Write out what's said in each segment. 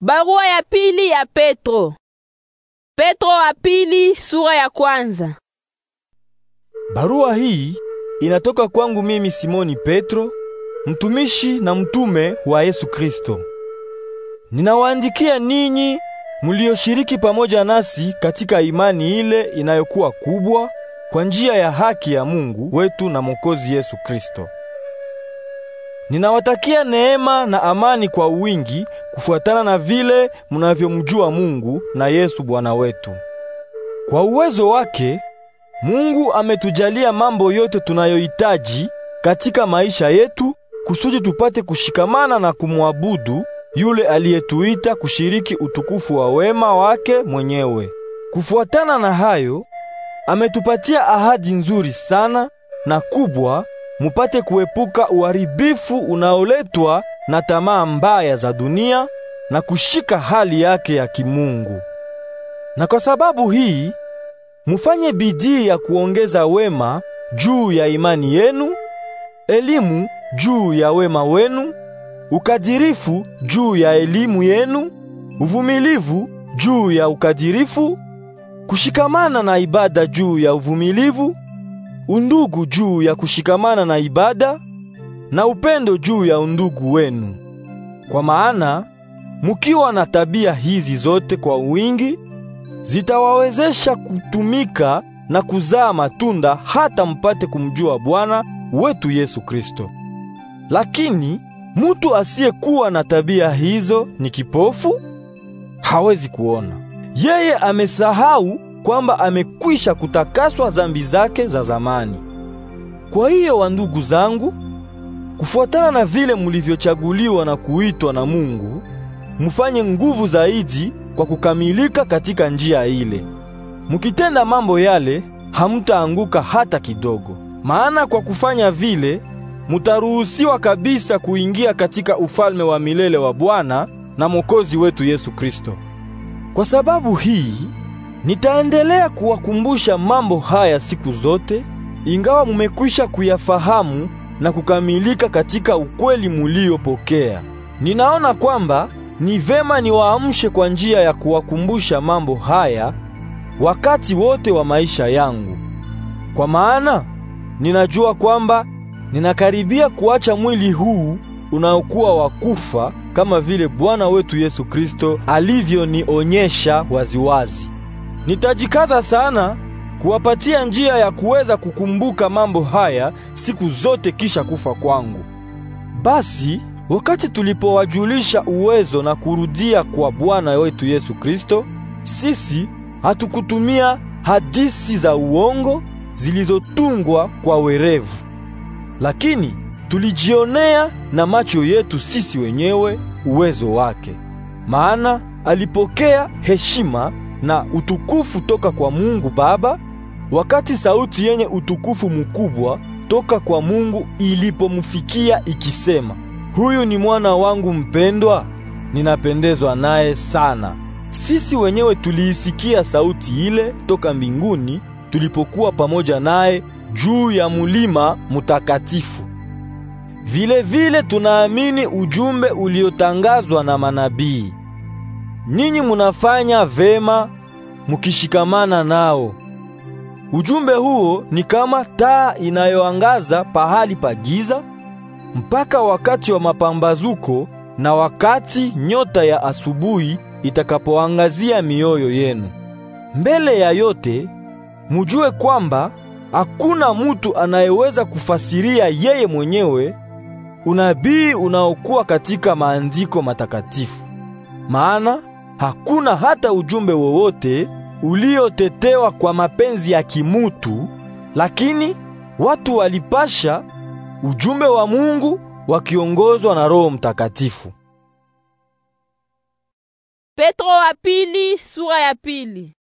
Barua ya pili ya Petro. Petro wa pili sura ya kwanza. Barua hii inatoka kwangu mimi Simoni Petro, mtumishi na mtume wa Yesu Kristo. Ninawaandikia ninyi mulioshiriki pamoja nasi katika imani ile inayokuwa kubwa kwa njia ya haki ya Mungu wetu na Mwokozi Yesu Kristo. Ninawatakia neema na amani kwa wingi kufuatana na vile munavyomjua Mungu na Yesu Bwana wetu. Kwa uwezo wake Mungu ametujalia mambo yote tunayohitaji katika maisha yetu kusudi tupate kushikamana na kumwabudu yule aliyetuita kushiriki utukufu wa wema wake mwenyewe. Kufuatana na hayo, ametupatia ahadi nzuri sana na kubwa mupate kuepuka uharibifu unaoletwa na tamaa mbaya za dunia na kushika hali yake ya kimungu. Na kwa sababu hii mufanye bidii ya kuongeza wema juu ya imani yenu, elimu juu ya wema wenu, ukadirifu juu ya elimu yenu, uvumilivu juu ya ukadirifu, kushikamana na ibada juu ya uvumilivu undugu juu ya kushikamana na ibada na upendo juu ya undugu wenu. Kwa maana mukiwa na tabia hizi zote kwa wingi, zitawawezesha kutumika na kuzaa matunda hata mpate kumjua Bwana wetu Yesu Kristo. Lakini mutu asiyekuwa na tabia hizo ni kipofu, hawezi kuona. Yeye amesahau kwamba amekwisha kutakaswa dhambi zake za zamani. Kwa hiyo wandugu zangu, kufuatana na vile mulivyochaguliwa na kuitwa na Mungu, mufanye nguvu zaidi kwa kukamilika katika njia ile. Mukitenda mambo yale, hamtaanguka hata kidogo. Maana kwa kufanya vile mutaruhusiwa kabisa kuingia katika ufalme wa milele wa Bwana na Mwokozi wetu Yesu Kristo. Kwa sababu hii Nitaendelea kuwakumbusha mambo haya siku zote, ingawa mumekwisha kuyafahamu na kukamilika katika ukweli muliopokea. Ninaona kwamba ni vema niwaamshe kwa njia ya kuwakumbusha mambo haya wakati wote wa maisha yangu, kwa maana ninajua kwamba ninakaribia kuacha mwili huu unaokuwa wa kufa, kama vile Bwana wetu Yesu Kristo alivyonionyesha waziwazi. Nitajikaza sana kuwapatia njia ya kuweza kukumbuka mambo haya siku zote kisha kufa kwangu. Basi wakati tulipowajulisha uwezo na kurudia kwa Bwana wetu Yesu Kristo, sisi hatukutumia hadisi za uongo zilizotungwa kwa werevu, lakini tulijionea na macho yetu sisi wenyewe uwezo wake, maana alipokea heshima na utukufu toka kwa Mungu Baba, wakati sauti yenye utukufu mkubwa toka kwa Mungu ilipomfikia ikisema, huyu ni mwana wangu mpendwa, ninapendezwa naye sana. Sisi wenyewe tuliisikia sauti ile toka mbinguni tulipokuwa pamoja naye juu ya mulima mtakatifu. Vile vile tunaamini ujumbe uliotangazwa na manabii. Ninyi munafanya vema mukishikamana nao. Ujumbe huo ni kama taa inayoangaza pahali pa giza mpaka wakati wa mapambazuko na wakati nyota ya asubuhi itakapoangazia mioyo yenu. Mbele ya yote, mujue kwamba hakuna mutu anayeweza kufasiria yeye mwenyewe unabii unaokuwa katika maandiko matakatifu. Maana hakuna hata ujumbe wowote uliotetewa kwa mapenzi ya kimutu, lakini watu walipasha ujumbe wa Mungu wakiongozwa na Roho Mtakatifu. Petro wa pili, sura ya pili.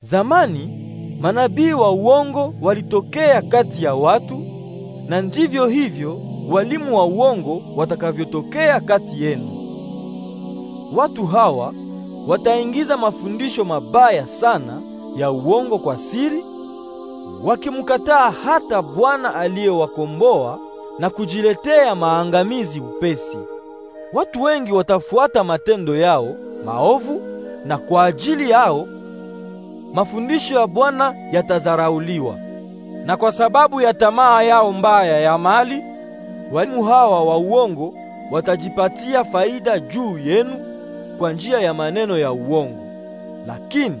Zamani manabii wa uongo walitokea kati ya watu na ndivyo hivyo walimu wa uongo watakavyotokea kati yenu. Watu hawa wataingiza mafundisho mabaya sana ya uongo kwa siri, wakimkataa hata Bwana aliyewakomboa na kujiletea maangamizi upesi. Watu wengi watafuata matendo yao maovu, na kwa ajili yao mafundisho ya Bwana yatazarauliwa. Na kwa sababu ya tamaa yao mbaya ya mali, walimu hawa wa uongo watajipatia faida juu yenu kwa njia ya maneno ya uongo, lakini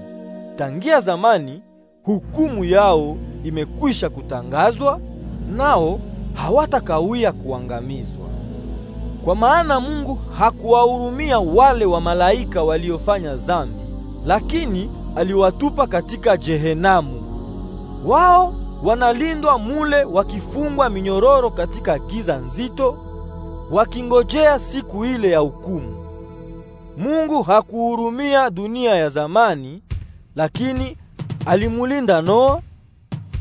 tangia zamani hukumu yao imekwisha kutangazwa, nao hawatakawia kuangamizwa. Kwa maana Mungu hakuwahurumia wale wa malaika waliofanya dhambi, lakini aliwatupa katika jehenamu. Wao wanalindwa mule wakifungwa minyororo katika giza nzito, wakingojea siku ile ya hukumu. Mungu hakuhurumia dunia ya zamani, lakini alimulinda Noa,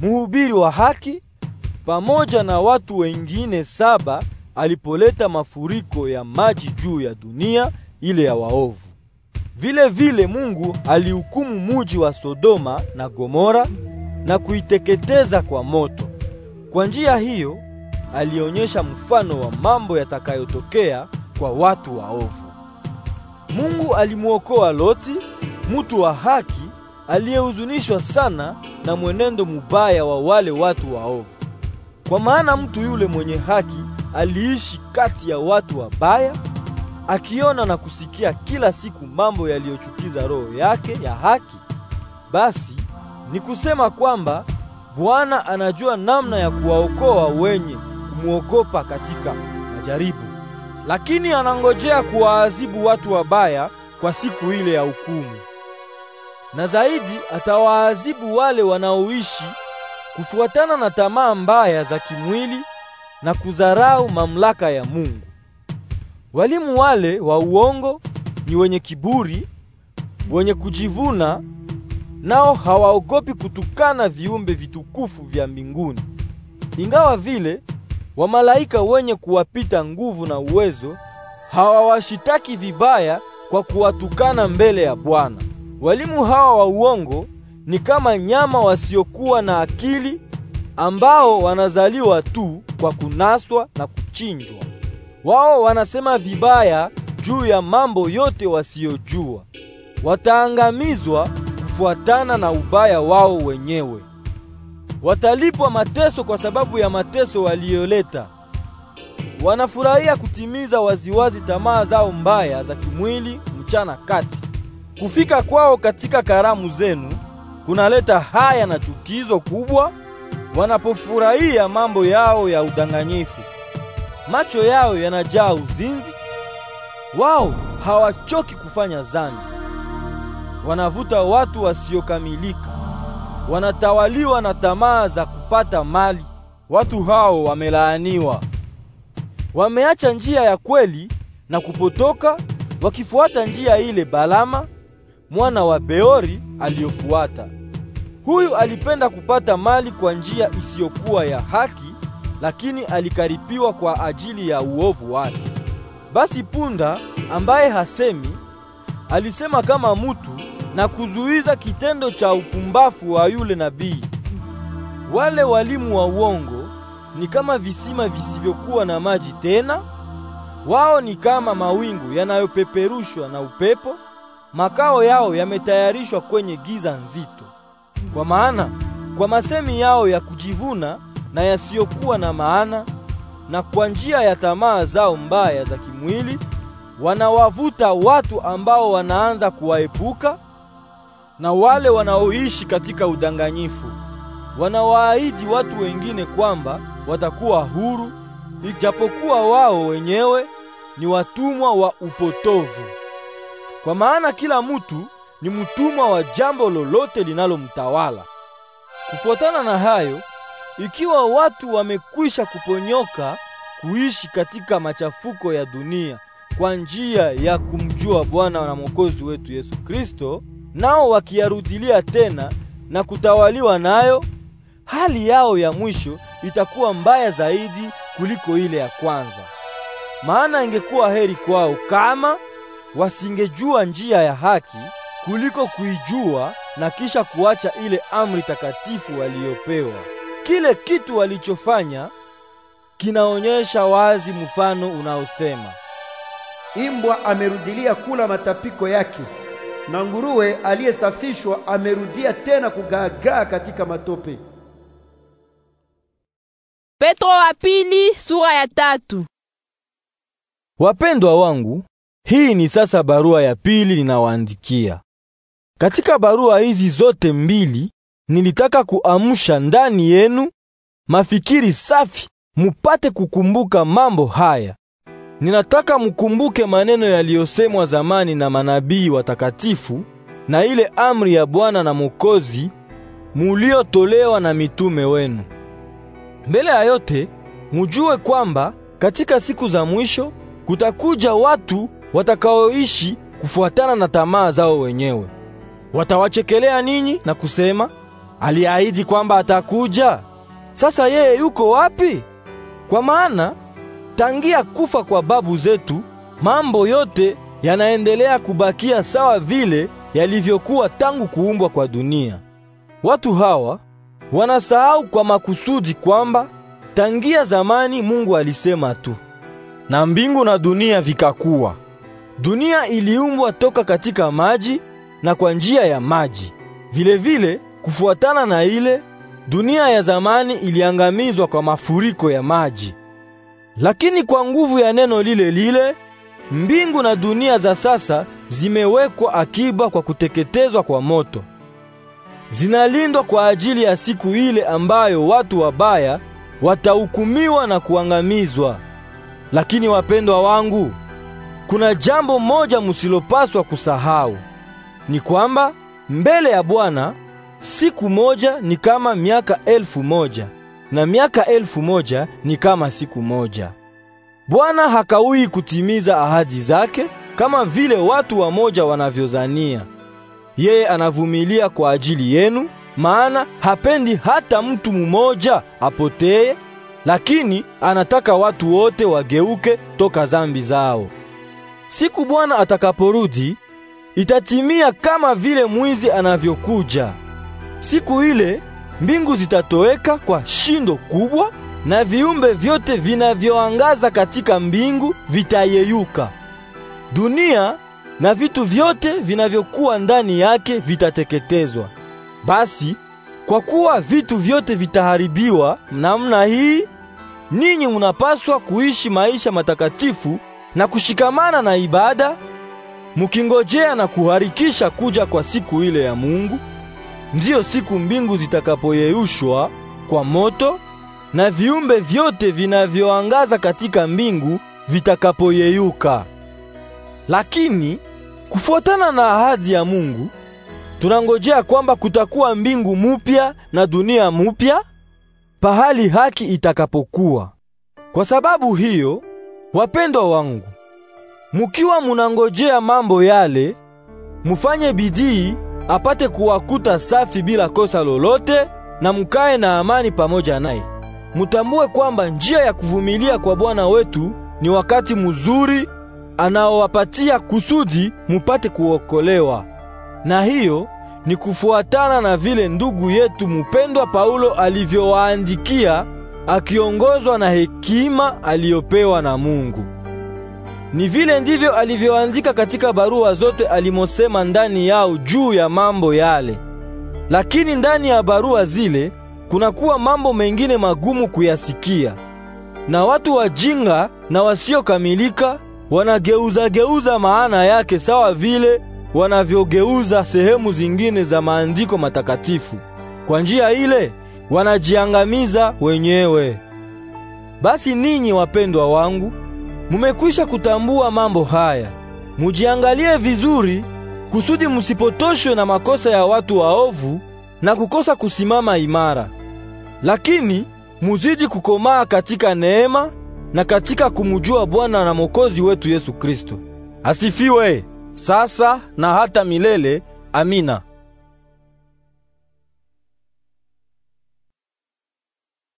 mhubiri wa haki, pamoja na watu wengine saba alipoleta mafuriko ya maji juu ya dunia ile ya waovu. Vile vile Mungu alihukumu muji wa Sodoma na Gomora na kuiteketeza kwa moto. Kwa njia hiyo alionyesha mfano wa mambo yatakayotokea kwa watu waovu. Mungu alimuokoa Loti, mutu wa haki aliyehuzunishwa sana na mwenendo mubaya wa wale watu waovu. Kwa maana mtu yule mwenye haki aliishi kati ya watu wabaya, akiona na kusikia kila siku mambo yaliyochukiza roho yake ya haki. Basi ni kusema kwamba Bwana anajua namna ya kuwaokoa wenye kumwogopa katika majaribu lakini anangojea kuwaadhibu watu wabaya kwa siku ile ya hukumu. Na zaidi atawaadhibu wale wanaoishi kufuatana na tamaa mbaya za kimwili na kudharau mamlaka ya Mungu. Walimu wale wa uongo ni wenye kiburi, wenye kujivuna, nao hawaogopi kutukana viumbe vitukufu vya mbinguni. Ingawa vile Wamalaika wenye kuwapita nguvu na uwezo hawawashitaki vibaya kwa kuwatukana mbele ya Bwana. Walimu hawa wa uongo ni kama nyama wasiokuwa na akili ambao wanazaliwa tu kwa kunaswa na kuchinjwa. Wao wanasema vibaya juu ya mambo yote wasiyojua. Wataangamizwa kufuatana na ubaya wao wenyewe watalipwa mateso kwa sababu ya mateso waliyoleta. Wanafurahia kutimiza waziwazi tamaa zao mbaya za kimwili mchana kati. Kufika kwao katika karamu zenu kunaleta haya na chukizo kubwa wanapofurahia mambo yao ya udanganyifu. Macho yao yanajaa uzinzi, wao hawachoki kufanya zani, wanavuta watu wasiokamilika wanatawaliwa na tamaa za kupata mali. Watu hao wamelaaniwa. Wameacha njia ya kweli na kupotoka, wakifuata njia ile Balama mwana wa Beori aliyofuata. Huyu alipenda kupata mali kwa njia isiyokuwa ya haki, lakini alikaripiwa kwa ajili ya uovu wake. Basi punda ambaye hasemi alisema kama mutu na kuzuiza kitendo cha upumbafu wa yule nabii. Wale walimu wa uongo ni kama visima visivyokuwa na maji tena, wao ni kama mawingu yanayopeperushwa na upepo. Makao yao yametayarishwa kwenye giza nzito, kwa maana kwa masemi yao ya kujivuna na yasiyokuwa na maana na kwa njia ya tamaa zao mbaya za kimwili wanawavuta watu ambao wanaanza kuwaepuka na wale wanaoishi katika udanganyifu. Wanawaahidi watu wengine kwamba watakuwa huru, ijapokuwa wao wenyewe ni watumwa wa upotovu. Kwa maana kila mtu ni mtumwa wa jambo lolote linalomtawala. Kufuatana na hayo, ikiwa watu wamekwisha kuponyoka kuishi katika machafuko ya dunia kwa njia ya kumjua Bwana na Mwokozi wetu Yesu Kristo, nao wakiyarudilia tena na kutawaliwa nayo, hali yao ya mwisho itakuwa mbaya zaidi kuliko ile ya kwanza. Maana ingekuwa heri kwao kama wasingejua njia ya haki kuliko kuijua na kisha kuacha ile amri takatifu waliyopewa. Kile kitu walichofanya kinaonyesha wazi mfano unaosema, imbwa amerudilia kula matapiko yake na nguruwe aliyesafishwa amerudia tena kugaagaa katika matope. Petro wa pili sura ya tatu. Wapendwa wangu, hii ni sasa barua ya pili ninawaandikia. Katika barua hizi zote mbili nilitaka kuamsha ndani yenu mafikiri safi, mupate kukumbuka mambo haya Ninataka mkumbuke maneno yaliyosemwa zamani na manabii watakatifu na ile amri ya Bwana na Mwokozi muliotolewa na mitume wenu. Mbele ya yote, mujue kwamba katika siku za mwisho kutakuja watu watakaoishi kufuatana na tamaa zao wenyewe. Watawachekelea ninyi na kusema, aliahidi kwamba atakuja. Sasa yeye yuko wapi? Kwa maana tangia kufa kwa babu zetu, mambo yote yanaendelea kubakia sawa vile yalivyokuwa tangu kuumbwa kwa dunia. Watu hawa wanasahau kwa makusudi kwamba tangia zamani Mungu alisema tu, na mbingu na dunia vikakuwa. Dunia iliumbwa toka katika maji na kwa njia ya maji. vile vile, kufuatana na ile dunia ya zamani iliangamizwa kwa mafuriko ya maji. Lakini kwa nguvu ya neno lile lile, mbingu na dunia za sasa zimewekwa akiba kwa kuteketezwa kwa moto. Zinalindwa kwa ajili ya siku ile ambayo watu wabaya watahukumiwa na kuangamizwa. Lakini wapendwa wangu, kuna jambo moja musilopaswa kusahau. Ni kwamba mbele ya Bwana siku moja ni kama miaka elfu moja na miaka elfu moja ni kama siku moja. Bwana hakaui kutimiza ahadi zake kama vile watu wamoja wanavyozania. Yeye anavumilia kwa ajili yenu, maana hapendi hata mtu mmoja apotee, lakini anataka watu wote wageuke toka zambi zao. Siku Bwana atakaporudi itatimia kama vile mwizi anavyokuja. Siku ile mbingu zitatoweka kwa shindo kubwa, na viumbe vyote vinavyoangaza katika mbingu vitayeyuka. Dunia na vitu vyote vinavyokuwa ndani yake vitateketezwa. Basi kwa kuwa vitu vyote vitaharibiwa namna hii, ninyi munapaswa kuishi maisha matakatifu na kushikamana na ibada, mukingojea na kuharikisha kuja kwa siku ile ya Mungu ndiyo siku mbingu zitakapoyeyushwa kwa moto na viumbe vyote vinavyoangaza katika mbingu vitakapoyeyuka. Lakini kufuatana na ahadi ya Mungu tunangojea kwamba kutakuwa mbingu mupya na dunia mupya pahali haki itakapokuwa. Kwa sababu hiyo, wapendwa wangu, mukiwa munangojea mambo yale, mufanye bidii apate kuwakuta safi bila kosa lolote, na mkae na amani pamoja naye. Mutambue kwamba njia ya kuvumilia kwa Bwana wetu ni wakati mzuri anaowapatia kusudi mupate kuokolewa. Na hiyo ni kufuatana na vile ndugu yetu mupendwa Paulo alivyowaandikia akiongozwa na hekima aliyopewa na Mungu. Ni vile ndivyo alivyoandika katika barua zote alimosema ndani yao juu ya mambo yale. Lakini ndani ya barua zile kunakuwa mambo mengine magumu kuyasikia, na watu wajinga na wasiokamilika wanageuza-geuza maana yake sawa vile wanavyogeuza sehemu zingine za maandiko matakatifu. Kwa njia ile wanajiangamiza wenyewe. Basi ninyi wapendwa wangu, Mumekwisha kutambua mambo haya. Mujiangalie vizuri kusudi musipotoshwe na makosa ya watu waovu na kukosa kusimama imara. Lakini muzidi kukomaa katika neema na katika kumujua Bwana na Mwokozi wetu Yesu Kristo. Asifiwe sasa na hata milele. Amina.